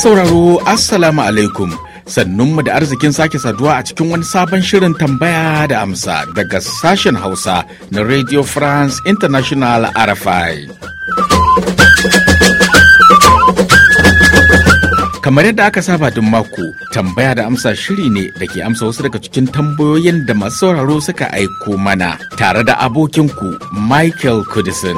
sauraro Assalamu alaikum. Sannunmu da arzikin sake saduwa a cikin wani sabon shirin tambaya da amsa daga sashen Hausa na Radio France International RFI. Kamar yadda aka saba duk mako, tambaya da amsa shiri ne da ke amsa wasu daga cikin tambayoyin da masu sauraro suka aiko mana tare da abokinku Michael Kudisin.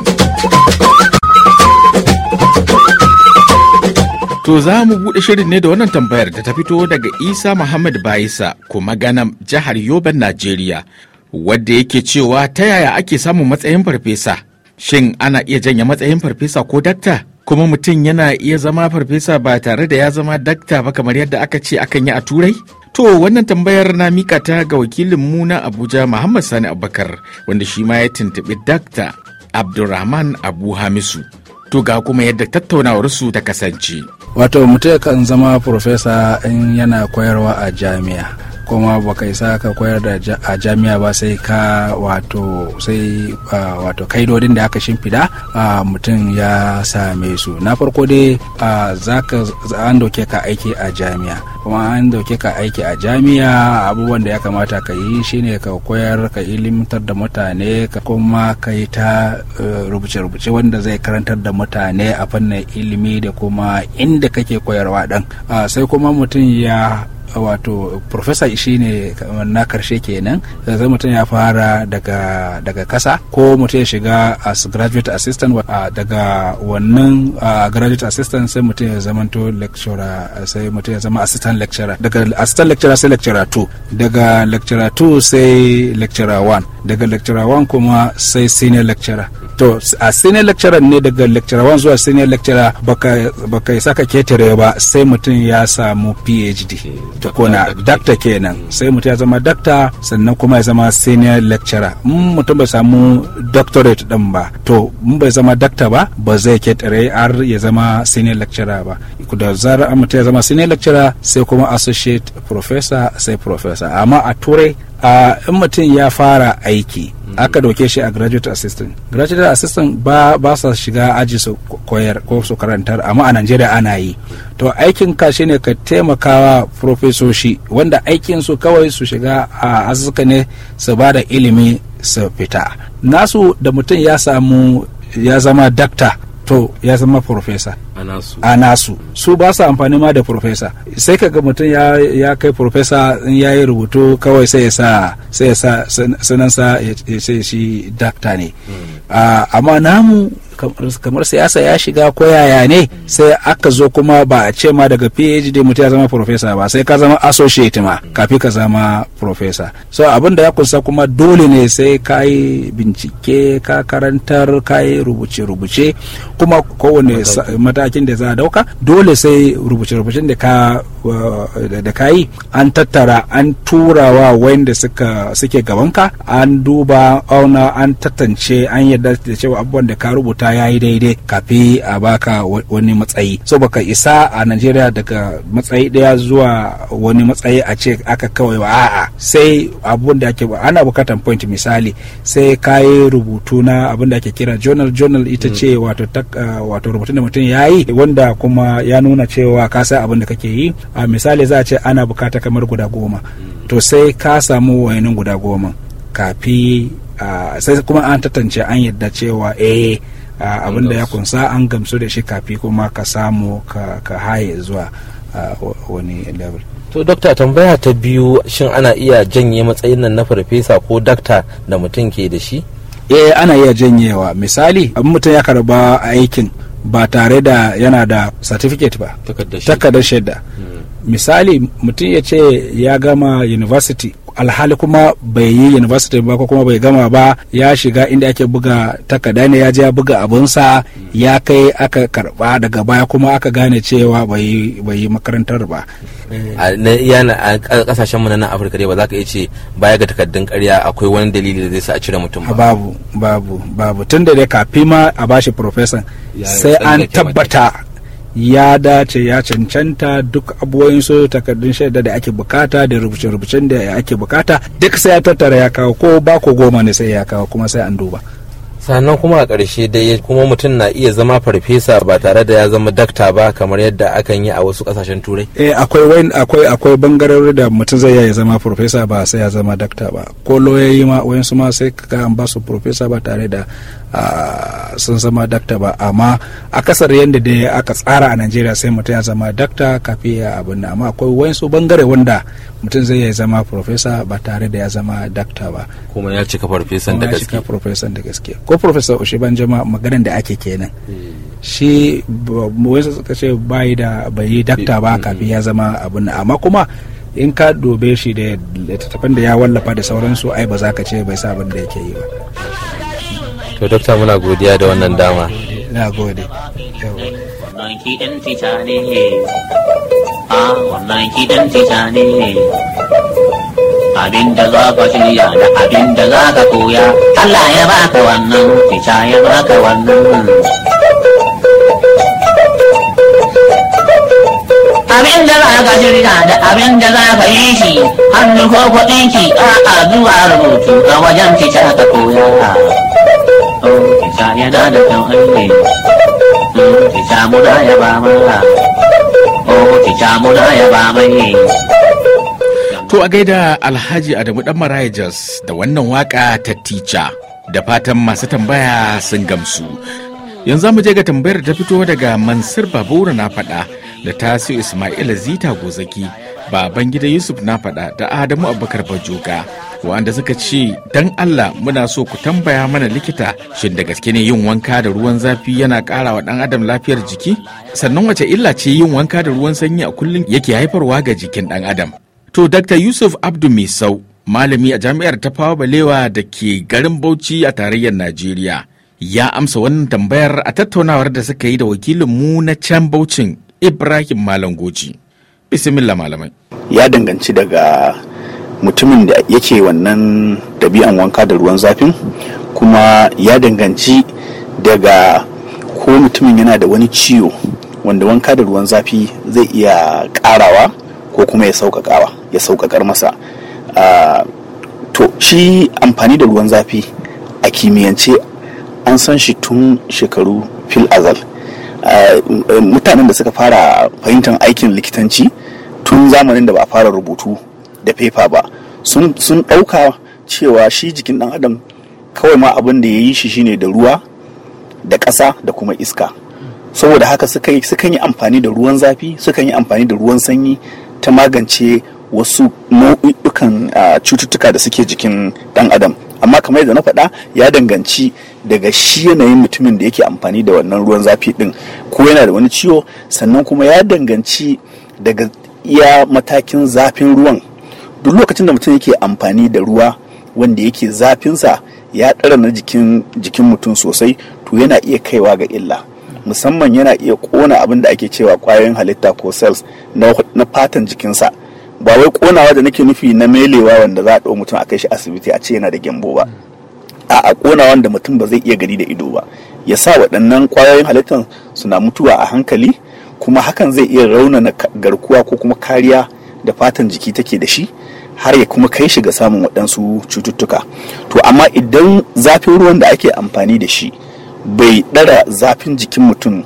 To za mu buɗe shirin ne da wannan tambayar da ta fito daga Isa Muhammad Bayisa kuma ganam jihar Yoben Najeriya wadda yake cewa ta yaya ake samun matsayin farfesa shin ana iya janye matsayin farfesa ko dakta kuma mutum yana iya zama farfesa ba tare da ya zama dakta ba kamar yadda aka ce akan yi a turai To wannan tambayar na mika ta ga wakilin mu na Abuja Muhammad Sani Abubakar wanda shi ma ya tuntuɓi Dakta Abdulrahman Abu Hamisu. to ga kuma yadda tattaunawar su ta kasance. Wato mutum kan zama profesa in yana koyarwa a jami'a. kuma baka isa ka koyar da a jami'a ba sai ka wato sai wato kaidodin da aka shimfida mutum ya same su na farko dai an doke ka aiki a jami'a kuma an doke ka aiki a jami'a abubuwan da ya kamata ka yi shine ka koyar ka ilimtar da mutane ka kuma ka yi ta e, rubuce-rubuce wanda zai karantar da mutane a fannin ilimi da kuma inda kake koyarwa ɗan sai kuma mutum ya wato professor ne na karshe kenan zai mutum ya fara daga daga kasa ko mutum ya shiga as graduate assistant daga wannan graduate assistant sai mutum ya zamanto lecturer sai mutum ya zama assistant lecturer daga assistant lecturer sai lecturer 2 daga lecturer 2 sai lecturer 1 daga lecturer 1 kuma sai senior lecturer to a senior lecturer ne daga lecturer 1 zuwa senior lecturer baka baka saka ketare ba sai mutum ya samu phd tukuna dakta kenan sai mutum ya zama dakta sannan kuma ya zama senior lecturer in mutum bai samu doctorate din ba to in bai zama dakta ba ba zai tare har ya zama senior lecturer ba da zarar mutum ya zama senior lecturer sai kuma associate professor sai professor amma a turai a ah, in mutum ya fara aiki aka dauke shi a graduate assistant graduate assistant ba ba sa shiga aji su koyar ko su karantar amma a Najeriya ana yi to aikin ka shine ka taimakawa profesoshi wanda aikin su kawai su shiga a asusuka ne su bada ilimi su fita nasu da mutum ya samu ya zama dakta to ya zama profesa a nasu su ba su amfani ma da profesa sai kaga mutum ya, kai profesa in ya yi rubutu kawai sai ya sa sai sunansa ya ce shi dakta ne hmm. amma namu kamar siyasa ya shiga ko yaya ne sai aka zo kuma ba a ce ma daga phd mutum ya zama profesa ba sai ka zama associate ma kafin ka zama profesa so abin da ya kunsa kuma dole ne sai ka yi bincike ka karantar ka yi rubuce-rubuce kuma kowane matakin da za a dauka dole sai rubuce-rubucen da ka yi an tattara an turawa wanda suke gabanka an duba auna an tattance an yadda dace da cewa abubuwan da ka rubuta ya yi daidai kafin a baka wani matsayi so baka isa a najeriya daga matsayi daya zuwa wani matsayi a ce aka kawai ba a'a sai abun da ake ana bukatan point misali sai ka yi rubutu na abun da ake kira journal journal ita mm. ce wato wato rubutun da mutum ya yi wanda kuma ya nuna cewa ka san abin da kake yi a misali za a ce ana bukata kamar guda goma mm. to sai ka samu wayannan guda goma kafi sai kuma an tantance an yadda cewa eh abin ya kunsa an gamsu da shi kafi kuma ka samu ka haye zuwa wani level to dokta tambaya ta biyu shin ana iya janye matsayin nan na farfesa ko dakta da mutum ke da shi eh ana iya janyewa misali abin mutum ya karba aikin ba tare da yana da certificate ba takardar shaida hmm. misali mutum ya ce ya gama university alhali kuma bai yi university ba ko kuma bai gama ba ya shiga inda ake buga takarda ne ya je ya buga sa ya kai aka karba daga baya kuma aka gane cewa bai yi makarantar ba a kasashen mu na afirka dai ba za ka iya ce baya ga takardun karya akwai wani dalili da zai sa a cire mutum ba babu babu babu tun dai kafi ma a bashi professor sai an tabbata ya dace ya cancanta duk abubuwan su takardun shaida da ake bukata da rubuce-rubucen da ake bukata duk sai ya tattara ya kawo ko bako goma ne sai ya kawo kuma sai an duba sannan kuma a ƙarshe dai kuma mutum na iya zama farfesa ba tare da ya zama dakta ba kamar yadda akan yi a wasu ƙasashen turai eh akwai wain akwai akwai bangarori da mutum zai iya zama farfesa ba sai ya zama dakta ba ko loyoyi ma wayansu ma sai ka an ba su farfesa ba tare da sun zama dakta ba amma a kasar yadda da aka tsara a najeriya sai mutum ya zama dakta kafin ya abin amma akwai wayansu bangare wanda mutum zai ya zama profesa ba tare da ya zama dakta ba kuma ya cika profesan da gaske profesan da gaske ko profesa ban jama maganar da ake kenan hmm. shi wayansu suka ce bai da bai yi dakta ba hmm. kafin ya zama abin amma kuma in ka dobe shi da littattafan da ya wallafa da sauransu ai ba za ka ce bai sa abin da yake yi ba to dokta muna godiya da wannan dama na gode wannan kiɗan fita ne a ah, wannan kiɗan fita ne abin da za ka shirya da abin da za ka koya Allah ya baka wannan fita ya baka wannan abin da za ka shirya da abin da za ka yi shi hannu ko kuɗin ki a zuwa rubutu a wajen fita ka koya muna oh muna ba mai. To a gaida Alhaji Adamu Dan Marajas da wannan waka ta tica da fatan masu tambaya sun gamsu. Yanzu mu je ga tambayar ta fito daga Mansur Babura na faɗa da Tasiu Ismail Zita Gozaki, baban gida Yusuf na faɗa da Adamu Abubakar Bajoga. wanda suka ce dan Allah muna so ku tambaya mana likita shin da gaske ne yin wanka da ruwan zafi yana ƙara wa ɗan adam lafiyar jiki sannan wace illa ce yin wanka da ruwan sanyi a kullum yake haifarwa ga jikin ɗan adam to dr yusuf abdu misau malami a jami'ar tafawa balewa da ke garin bauchi a tarayyar najeriya ya amsa wannan tambayar a tattaunawar da suka yi da wakilinmu na can baucin ibrahim malam goji bismillah malamai ya danganci daga mutumin da yake wannan ɗabi'an wanka da ruwan zafin kuma ya danganci daga ko mutumin yana da wani ciwo wanda wanka da ruwan zafi zai iya ƙarawa ko kuma ya sauƙaƙawa ya sauƙaƙar masa to shi amfani da ruwan zafi a kimiyyance an san shi tun shekaru fil azal mutanen da suka fara fahimtar aikin likitanci tun zamanin da ba a fara rubutu da fefa ba sun ɗauka cewa shi jikin ɗan adam kawai ma abin da ya yi shi shine da ruwa da ƙasa da kuma iska saboda haka sukan yi amfani da ruwan zafi sukan yi amfani da ruwan sanyi ta magance wasu nau'ukan cututtuka da suke jikin ɗan adam amma kamar yadda na faɗa ya danganci daga shi yanayin mutumin da yake amfani da wannan ruwan zafi ɗin ko yana da wani ciwo sannan kuma ya danganci daga iya matakin zafin ruwan duk lokacin da mutum yake amfani da ruwa wanda yake zafinsa ya ɗara na jikin mutum sosai to yana iya kaiwa ga illa musamman yana iya ƙona abin da ake cewa ƙwayoyin halitta ko cells na fatan jikinsa ba wai ƙonawa da nake nufi na melewa wanda za a ɗau mutum a kai shi asibiti a ce yana da gyambo ba a ƙona wanda mutum ba zai iya gani da ido ba ya sa waɗannan ƙwayoyin halittan suna mutuwa a hankali kuma hakan zai iya raunana garkuwa ko kuma kariya da fatan jiki take da shi har ya kuma kai shi ga samun waɗansu cututtuka to amma idan zafin ruwan da ake amfani da shi bai ɗara zafin jikin mutum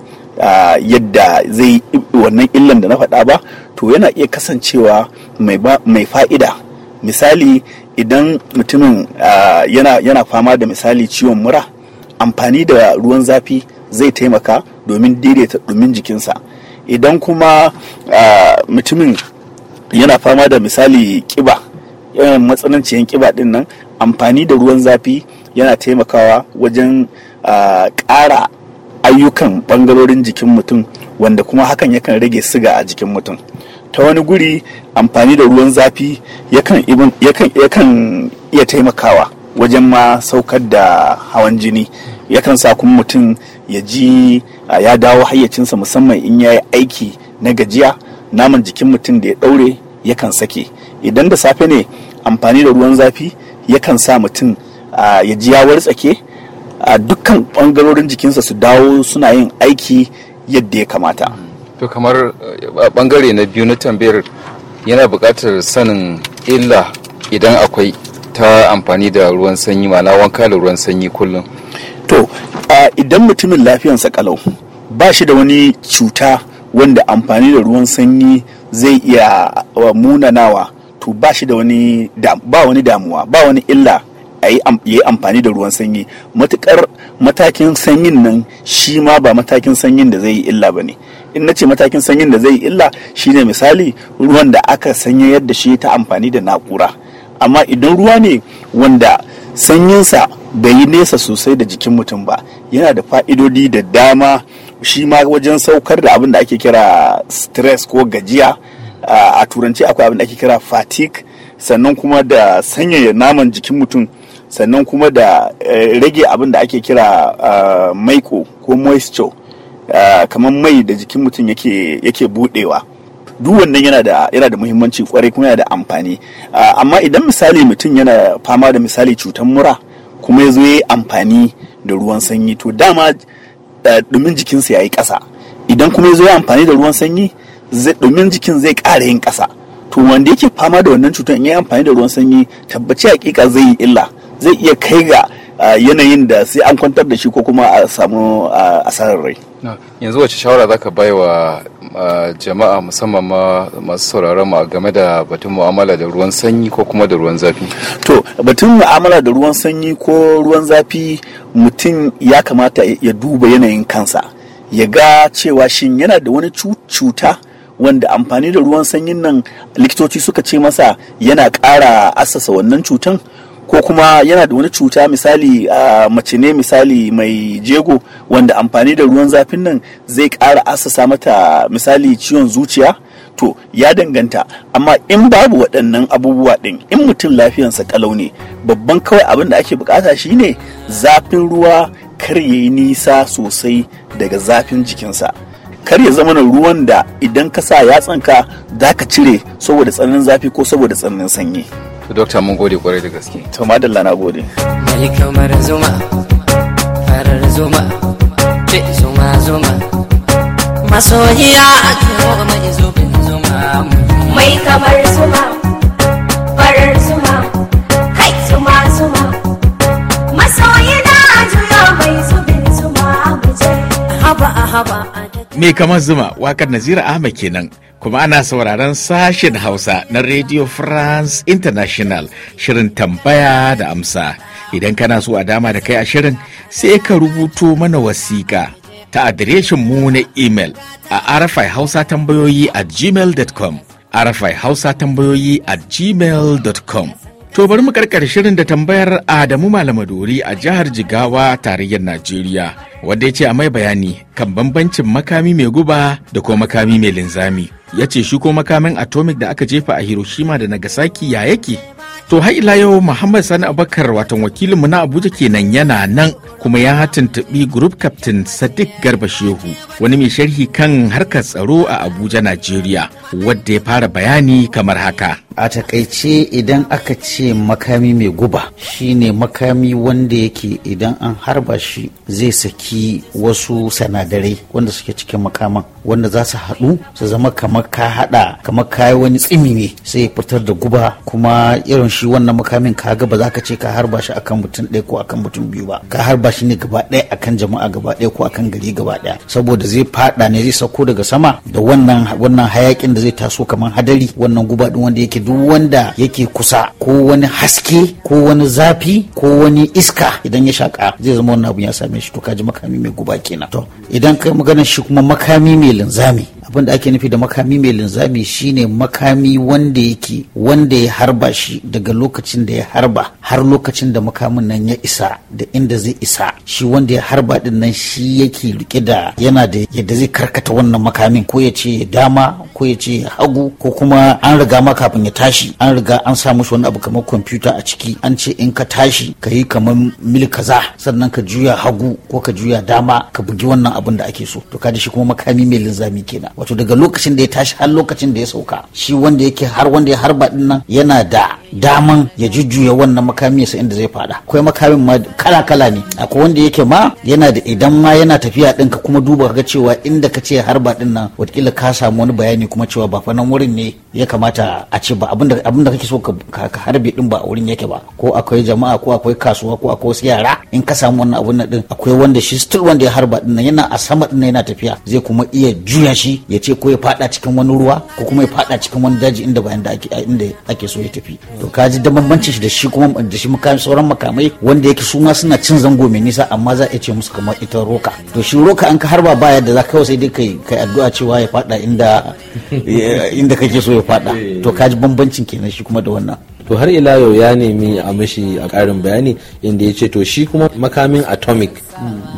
yadda zai wannan illan da na faɗa ba to yana iya kasancewa mai fa'ida misali idan mutumin yana fama da misali ciwon mura amfani da ruwan zafi zai taimaka domin daidaita ɗumin jikinsa idan kuma mutumin yana fama da misali kiba yawan matsananciyan kiba din nan amfani da ruwan zafi yana taimakawa wajen ƙara ayyukan ɓangarorin jikin mutum wanda kuma hakan yakan rage siga a jikin mutum ta wani guri amfani da ruwan zafi yakan iya taimakawa wajen ma saukar da hawan jini yakan sa kuma mutum ya ji ya dawo hayyacinsa musamman in ya yi aiki na gajiya naman jikin mutum da ya ɗaure yakan sake idan da safe ne amfani da ruwan zafi yakan sa mutum ya ji ya wartsake a dukkan ɓangarorin jikinsa su dawo suna yin aiki yadda ya kamata to kamar ɓangare na biyu na tambayar yana buƙatar sanin illa idan akwai ta amfani da ruwan sanyi ma'ana wanka da ruwan sanyi kullum to idan mutumin lafiyansa kalau ba shi da wani cuta wanda amfani da ruwan sanyi zai iya munanawa to ba shi da wani ba wani damuwa ba wani illa ya yi amfani da ruwan sanyi matukar matakin sanyin nan shi ma ba matakin sanyin da zai yi illa ba ne in na ce matakin sanyin da zai yi illa shine misali ruwan da aka sanya yadda shi ta amfani da na'ura amma idan ruwa ne wanda sanyinsa bai yi nesa sosai da jikin mutum ba yana da fa'idodi da dama shi ma wajen saukar da abin da ake kira stress ko gajiya a turanci akwai abin da ake kira fatigue sannan kuma da sanyaya naman jikin mutum sannan kuma da e, rage abin da ake kira maiko ko moisture kamar mai da jikin mutum yake budewa duk wannan yana da yana da muhimmanci kwarai kuma yana da amfani amma idan misali mutum yana fama da misali cutar mura kuma ya zo ya amfani da ruwan sanyi to dama dumin jikinsa ya yi ƙasa idan kuma ya zo ya amfani da ruwan sanyi dumin jikin zai ƙara yin ƙasa to wanda yake fama da wannan cutar in ya amfani da ruwan sanyi tabbaci hakika zai yi illa zai iya kai ga ah, yanayin da sai an kwantar da shi ko kuma a samu ah, asarar rai yanzu wace shawara za ka bai wa jama'a musamman ma masu sauraron mu game da batun mu'amala da ruwan sanyi ko kuma da ruwan zafi to batun mu'amala da ruwan sanyi ko ruwan zafi mutum ya kamata ya duba yanayin kansa ya ga cewa shin yana da wani cuta wanda amfani da ruwan sanyin nan likitoci suka ce masa yana ƙara assasa wannan cutan ko kuma yana da wani cuta misali a mace ne misali mai jego wanda amfani da ruwan zafin nan zai ƙara asasa mata misali ciwon zuciya to ya danganta amma in babu waɗannan abubuwa ɗin in mutum lafiyansa kalau ne babban kawai abin da ake bukata shine zafin ruwa kar ya yi nisa sosai daga zafin jikinsa kar ya zama ruwan da idan ka sa yatsanka za ka cire saboda tsananin zafi ko saboda tsananin sanyi to dokta mun gode kwarai da gaske to madalla na gode Mai alkamar zuma farar zuma be zuma zuma masoyiya a kiro mai zubin zuma mai kamar zuma Me kamar zuma wakar Nazira Ahmed kenan. Kuma ana sauraron sashen Hausa na Radio France International shirin tambaya da amsa. Idan kana so a dama da kai a shirin sai ka rubuto mana wasiƙa ta adireshin mu na email a arafai hausa tambayoyi a gmail.com arafai hausa tambayoyi a gmail.com To bari mu karkar shirin da tambayar Adamu dori a jihar Jigawa tarayyar Najeriya wanda ya ce a mai bayani kan bambancin makami mai guba da kuma makami mai linzami. Ya ce shi ko makamin atomic da aka jefa a Hiroshima da Nagasaki ya yake? To har ila yau Muhammad Sani Abubakar watan mu na Abuja kenan yana nan kuma ya hatuntubi group captain Sadiq Garba Shehu wani mai sharhi kan harkar tsaro a Abuja Najeriya wadda ya fara bayani kamar haka. a takaice idan aka ce makami mai guba shine makami wanda yake idan an harba shi zai saki wasu sanadarai wanda suke cikin makaman wanda za su haɗu su zama kamar ka haɗa kamar ka yi wani tsimi ne sai ya fitar da guba kuma irin shi wannan makamin ka ga ba za ka ce ka harba shi akan mutum ɗaya ko akan mutum biyu ba ka harba shi ne gaba ɗaya akan jama'a gaba ɗaya ko akan gari gaba ɗaya saboda zai faɗa ne zai sauko daga sama da wannan wannan hayakin da zai taso kamar hadari wannan guba ɗin wanda yake duk wanda yake kusa ko wani haske ko wani zafi ko wani iska idan ya shaƙa zai zama wannan abun ya same shi to kaji makami mai guba kenan to idan kai magana shi kuma makami mai linzami abin da ake nufi da makami mai linzami shine makami wanda yake wanda ya harba shi daga lokacin da ya harba har lokacin da makamin nan ya isa da inda zai isa shi wanda ya harba din nan shi yake rike da yana da yadda zai karkata wannan makamin ko ya ce dama ko ya ce hagu ko kuma an riga ma kafin ya tashi an riga an sa musu wani abu kamar kwamfuta a ciki an ce in ka tashi ka yi kamar mil kaza sannan ka juya hagu ko ka juya dama ka bugi wannan abin da ake so to kaji shi kuma makami mai linzami kenan wato daga lokacin da ya tashi har lokacin da ya sauka shi wanda yake har wanda ya harba din nan yana da daman ya jujjuya wannan makami ya inda zai fada akwai makamin ma kala kala ne akwai wanda yake ma yana da idan ma yana tafiya din ka kuma duba ga cewa inda ka ce harba din nan watakila ka samu wani bayani kuma cewa ba fa nan wurin ne ya kamata a ce ba abinda abinda kake so ka harbe din ba a wurin yake ba ko akwai jama'a ko akwai kasuwa ko akwai wasu yara in ka samu wannan abun nan din akwai wanda shi still wanda ya harba din nan yana a sama din yana tafiya zai kuma iya juya shi ya ce ko ya fada cikin wani ruwa ko kuma ya fada cikin wani daji inda bayan da ake inda ake so ya tafi to ka ji da bambancin shi da shi kuma da shi makamai sauran makamai wanda yake su ma suna cin zango mai nisa amma za a ce musu kamar ita roka to shi roka an ka harba baya da za ka sai dai kai kai addu'a cewa ya fada inda inda kake so ya fada eh. to ka ji bambancin kenan shi kuma da wannan to har ila yau ya nemi a mashi a karin bayani inda ya ce to shi kuma makamin atomic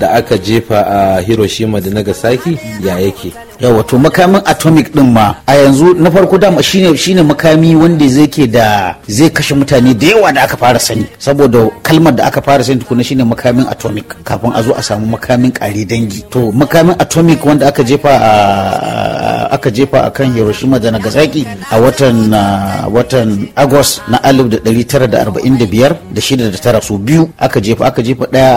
da aka jefa a hiroshima da nagasaki ya yake yawa to makamin atomic din ma a yanzu na farko dama shine shine makami wanda zai ke da zai kashe mutane da yawa da aka fara sani saboda kalmar da aka fara sani tukuna shine makamin atomic kafin a zo a samu makamin kare dangi to makamin atomic wanda aka jefa a aka jefa a kan Hiroshima da Nagasaki a watan watan Agos na 1945 da shida da tara su biyu aka jefa aka jefa daya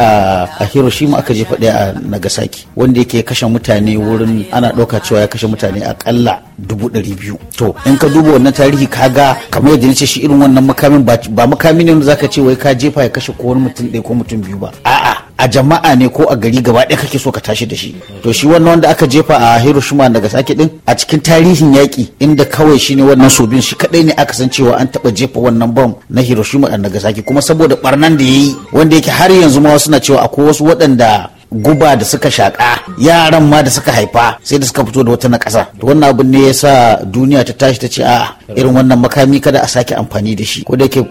a Hiroshima aka jefa daya a Nagasaki wanda yake kashe mutane wurin ana ɗauka cewa ya kashe mutane a ƙalla dubu ɗari biyu to in ka duba wannan tarihi ga kamar yadda nace shi irin wannan makamin ba makami ne wanda zaka ce wai ka jefa ya kashe ko wani mutum ɗaya ko mutum biyu ba a'a a jama'a ne ko a gari gaba ɗaya kake so ka tashi da shi to shi wannan wanda aka jefa a Hiroshima daga sake din a cikin tarihin yaƙi inda kawai shi ne wannan sobin shi kadai ne aka san cewa an taɓa jefa wannan bom na Hiroshima da Nagasaki kuma saboda barnan da yayi wanda yake har yanzu ma suna cewa akwai wasu waɗanda guba da suka shaƙa yaran ma da suka haifa sai da suka fito da wata na ƙasa to wannan abin ne yasa duniya ta tashi ta ce a irin wannan makami kada a sake amfani da shi ko da yake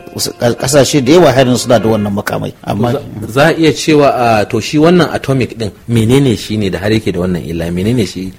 kasashe da yawa harin suna da wannan makamai amma za a iya cewa a to shi wannan atomic din menene shi ne da har yake da wannan illa menene shi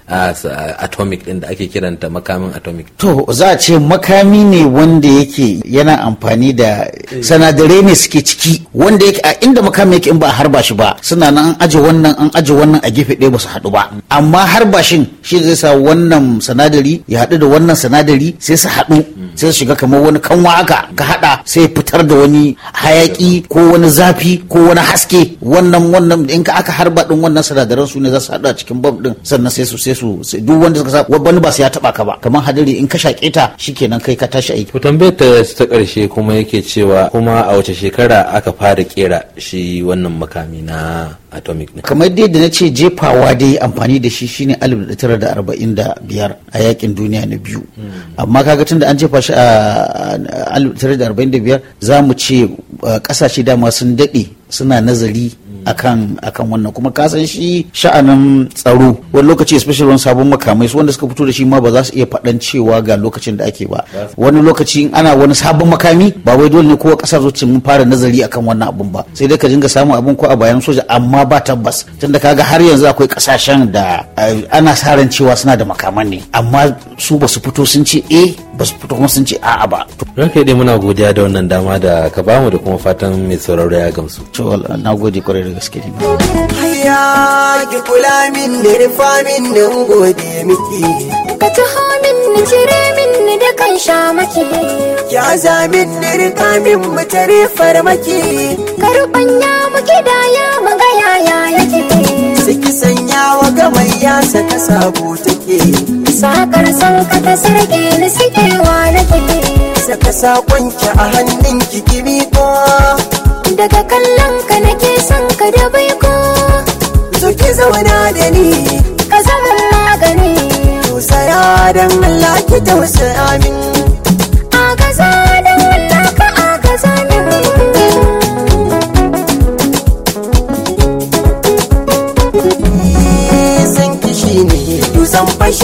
atomic din da ake kiranta makamin atomic to za a ce makami ne wanda yake yana amfani da eh. sanadarai ne suke ciki wanda yake a inda makami yake in ba a harba shi ba suna nan aje wannan an aje wannan a gefe ɗaya ba su haɗu ba amma har bashin shi zai sa wannan sanadari ya haɗu da wannan sanadari sai su haɗu sai su shiga kamar wani kanwa haka ka haɗa sai fitar da wani hayaki ko wani zafi ko wani haske wannan wannan in ka aka harba ɗin wannan sinadaran su ne za su haɗu a cikin bam ɗin sannan sai su sai su duk wanda suka sa wani ba su ya taɓa ka ba kamar hadari in ka shaƙe ta shikenan kai ka tashi aiki. tambayar ta ta ƙarshe kuma yake cewa kuma a wace shekara aka fara kera shi wannan makami na atomic ne kamar dai da na ce jefawa dai amfani da shi shine 1945 a yakin duniya na biyu amma kaga tun da an jefa shi a 1945 za mu ce kasashe uh, dama sun daɗe suna nazari akan akan wannan kuma ka san shi sha'anin tsaro wani lokaci especially wani sabon makamai su wanda suka fito da shi ma ba za su iya faɗan cewa ga lokacin da ake ba wani lokaci ana wani sabon makami ba wai dole ne kowa ƙasa zo mun fara nazari akan wannan abun ba sai dai ka dinga samun abun ko a bayan soja amma ba tabbas tunda kaga har yanzu akwai kasashen da eh, ana sa ran cewa suna da makaman ne amma su ba su fito sun ce eh ba su fito kuma sun ce a'a ba. Ranka dai muna godiya da wannan dama da ka bamu da kuma fatan mai sauraro ya gamsu. To na gode kwarai da gaske ne. Hayya ki kula min da rufa min da gode miki. Ka ci hamin ni cire min ni da kan sha maki. Ya zamin ni rika min mu tare maki. Ka ruɓanya mu kidaya mu ga yaya yake. suki sanya wa gamayya saka sabo take sakar son ka ta sarki ni suke wa nake saka sakon ki a hannun ki kimi ko daga kallon ka nake son ka da bai ko zauna da ni ka zama magani tausaya dan Allah ki tausaya min a gaza dan Allah ka a gaza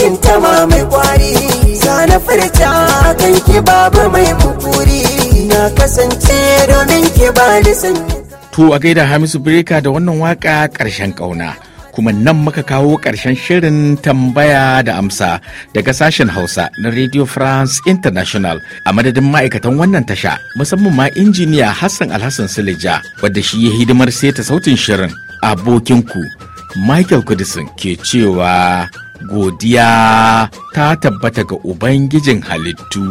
cikin tama mai kwari sana furta kan ki babu mai mukuri na kasance domin ki ba da To a gaida Hamisu Breka da wannan waka karshen ƙauna. Kuma nan muka kawo ƙarshen shirin tambaya da amsa daga sashen Hausa na Radio France International a madadin ma'aikatan wannan tasha musamman ma injiniya Hassan Alhassan Silija wadda shi ya hidimar seta sautin shirin abokinku Michael Kudisin ke cewa godiya ta tabbata ga Ubangijin halittu.